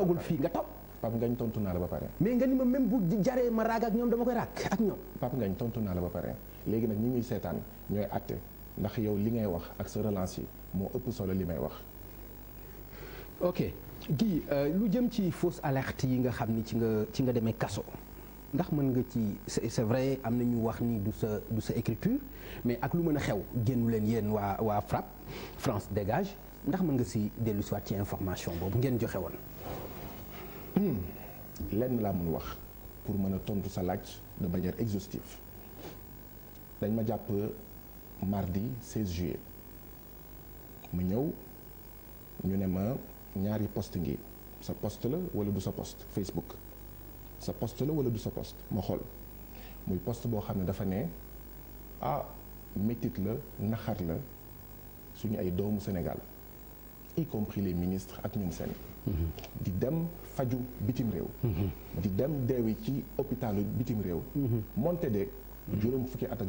toogul fii nga toog. Pape Ngagne tontu naa la ba pare. mais nga ni ma même bu jaree ma raag ak ñoom dama koy raag ak ñoom. Pape Ngagne tontu naa la ba pare léegi nag ñu ñuy seetaan ñooy àtte ndax yow li ngay wax ak sa relance yi moo ëpp solo li may wax. ok Guy euh, lu jëm ci fausse alerte yi nga xam ni ci nga ci nga demee kaso ndax mën nga ci c'est vrai am na ñu wax ni du sa du sa écriture mais ak lu mën a xew génnu leen yéen waa waa FRAPP France dégage ndax mën nga si dellu si waat ci information boobu ngeen joxe woon. Hmm. lenn laa mun wax pour mën a tontu sa laaj de manière exhaustive dañ ma jàpp mardi 16 juillet ma ñëw ñu ne ma ñaari post ngi sa poste la wala du sa poste Facebook sa poste la wala du sa poste ma xool muy post boo xam ne dafa ne ah métit la naxar la suñu ay doomu Sénégal y compris ak ñoom seen mhm. di dem faju bitim réew mhm. di dem deewi ci hôpitalu bitim réew mhm. monte de juróom fukki at ak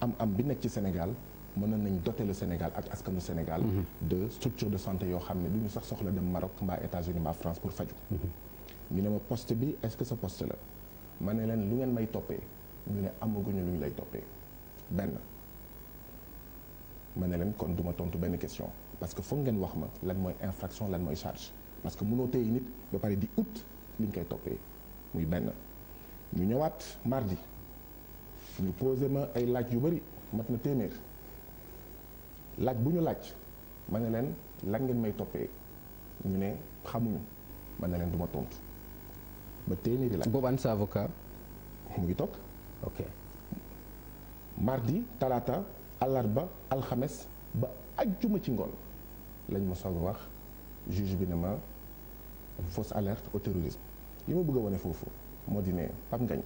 am am bi nekk ci Sénégal mënoon nañ doter le Sénégal ak askanu Sénégal de structure de santé yoo xam ne du ñu sax soxla dem Maroc mbaa États-Unis mbaa France pour faju ñu ne ma poste bi est-ce que sa post la ma ne leen lu ngeen may toppee ñu ne amaguñu lu ñu lay toppee benn ma ne leen kon duma tontu benn question parce que foog ngeen wax ma lan mooy infraction lan mooy charge parce que mënoo téye nit ba pare di ut li ñu koy toppee muy benn ñu ñëwaat mardi ñu posé ma ay laaj yu bëri mat na téeméer laaj bu ñu laaj ma ne leen lan ngeen may toppee ñu ne xamuñu ma ne leen du ma tontu ba téeméeri laaj. boobaan sa avocat. mu ngi mardi talaata àllarba alxames ba. ak juma ci ngoon lañ ma soog a wax juge bi ne ma fausse alerte au terrorisme li ma bëgg a wane foofu moo di ne Pape Ngagne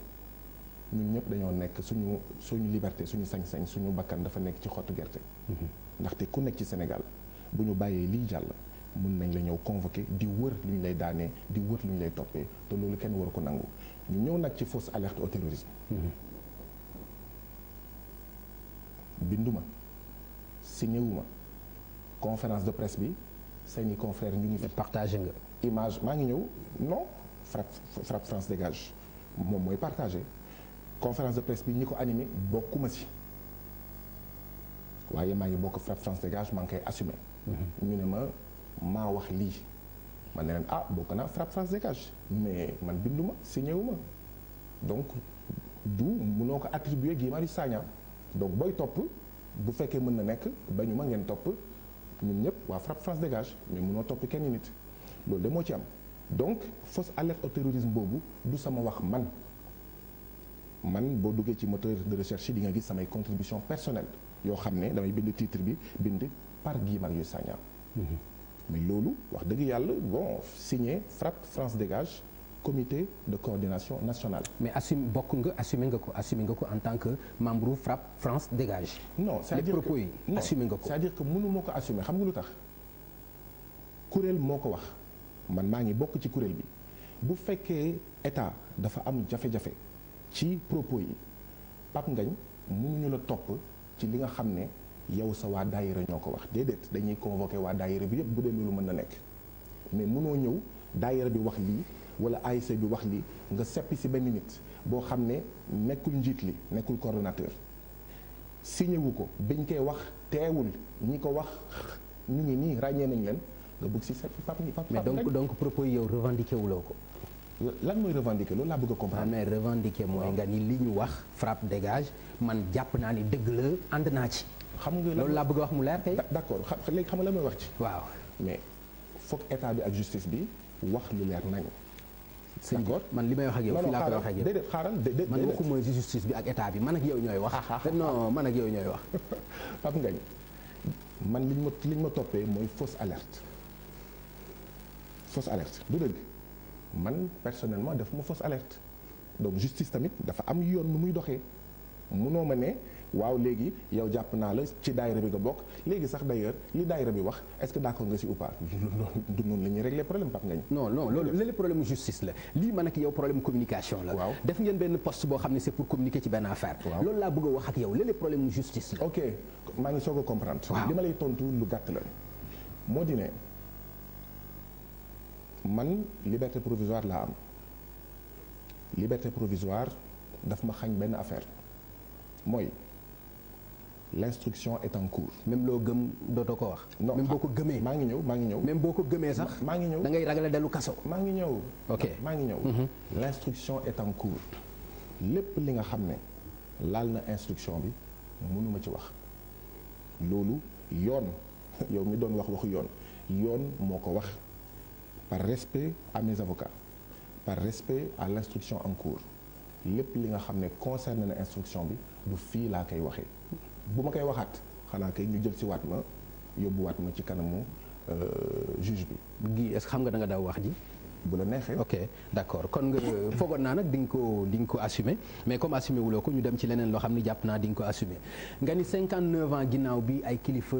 ñun ñëpp dañoo nekk suñu suñu liberté suñu sañ-sañ suñu bakkan dafa nekk ci xottu gerte mhm. ndaxte ku nekk ci Sénégal bu ñu bàyyee lii jàll mun nañ la ñëw convoqué di wër lu lay daanee di wër lu lay toppee te loolu kenn waru ko nangu ñu ñëw nag ci fausse alerte au terrorisme mhm. binduma signéwuma conférence de presse bi seeni confrères ñu ngi fi. partage nga image maa ngi ñëw non frappe frappe France dégage moom mooy partagé conférence de presse bi ñi ko animé bokkuma si waaye maa ngi bokk frappe France dégage maa ngi koy assumé. Mhm. ñu ne ma maa wax lii man ne leen ah bokk naa frappe France dégage mais man binduma signé wu ma donc du mënoo ko attribuer Guy Marius Sagna donc booy topp bu fekkee mën na nekk ba ma ngeen topp. ñun ñëpp waa FRAPP France dégage mais mënoo topp kenn nit loolu de moo ci am donc fausse alerte au terrorisme boobu du sama wax man man boo duggee ci moteur de recherche yi nga gis samay contribution personnelle yoo xam ne damay bind titre bi bind par Guy Marius Sagna mhm. mais loolu wax dëgg yàlla boo signé FRAPP France dégage comité de coordination nationale. mais assume bokk nga assumer nga ko assumer nga ko en tant que membre FRAPP France dégage. non c'est-à-dire les propos nga ko. c'est-à-dire mënu moo ko assumer xam nga lu tax kuréel moo ko wax man maa ngi bokk ci kuréel bi bu fekkee état dafa am jafe-jafe ci propos yi Pape Ngagne ñu la topp ci li nga xam ne yow sa waa daayira ñoo ko wax déedéet dañuy convoqué waa daayira bi yëpp bu dee loolu mën na nekk mais mënoo ñëw daayira bi wax lii. wala ASC bi wax li nga seppi ci benn nit boo xam ne nekkul njiit li nekkul coordonnateur signé wu ko biñ koy wax teewul ñi ko wax ñu ngi nii ràññee nañ leen nga bëgg ci seppi pap pap mais donc donc propos yow wuloo ko. lan mooy revendiquer loolu laa bëgg a comprendre. Ah, mais revendiquer mooy nga ni li ñu wax frappe dégage man jàpp naa ni dëgg la ànd naa ci. xam nga loolu laa bëgg a wax mu leer tey. d'accord léegi xam nga la may wax ci. waaw mais foog état bi ak justice bi wax lu leer nañ sëñ Goor man li may wax a yow fii laa koy wax ak yow déedéet bi ak état bi man ak yow ñooy wax ah, ah, ah, non man ak ñooy wax Pape Ngagne man liñ ma liñ ma toppee mooy fausse alerte fausse alerte bu dëgg man personnellement daf ma fausse alerte donc justice tamit dafa am yoon nu muy doxee munoo ma ne waaw léegi yow jàpp naa la ci daayira bi nga bokk léegi sax d'ailleurs li daayira bi wax est-ce que d'accord nga si ou pas du noonu la ñuy régler problème Pape Ngagne non non loolu léegi problème justice la lii man ak yow problème communication la waaw def ngeen benn poste boo xam ne c'est pour communiquer ci benn affaire loolu laa bëgg a wax ak yow léegi problème justice la ok maa ngi soog a comprendre li ma lay tontu lu gàtt la moo di ne man liberté provisoire laa am liberté provisoire ma xañ benn affaire mooy l'instruction est en cours. même loo gëm dootoo ko wax. non même boo ko gëmee. maa ngi ñëw maa ngi ñëw. même boo ko gëmee sax. maa ngi ñëw da ngay ragal dellu kaso. maa ngi ñëw. ok maa ngi ñëw. Mhm. l'instruction est en cours lépp li nga xam ne laal na instruction bi mënuma ci wax loolu yoon yow mi doon wax waxu yoon yoon moo ko wax par respect à mes par respect à l'instruction en cours lépp li nga xam ne concerne na instruction bi du fii laa koy waxee. bu ma koy waxaat xanaa kay ñu jël si waat ma yóbbuwaat ma ci kanamu euh, juge bi. gi est xam nga da nga daaw wax ji. bu la neexee ok d'accord kon nga euh, foogoon naa nag di nga ko di nga ko assumer mais comme assumer wuloo ko ñu dem ci leneen loo xam ne jàpp naa di ko assumé nga ni 59 ginnaaw bi ay kilifa.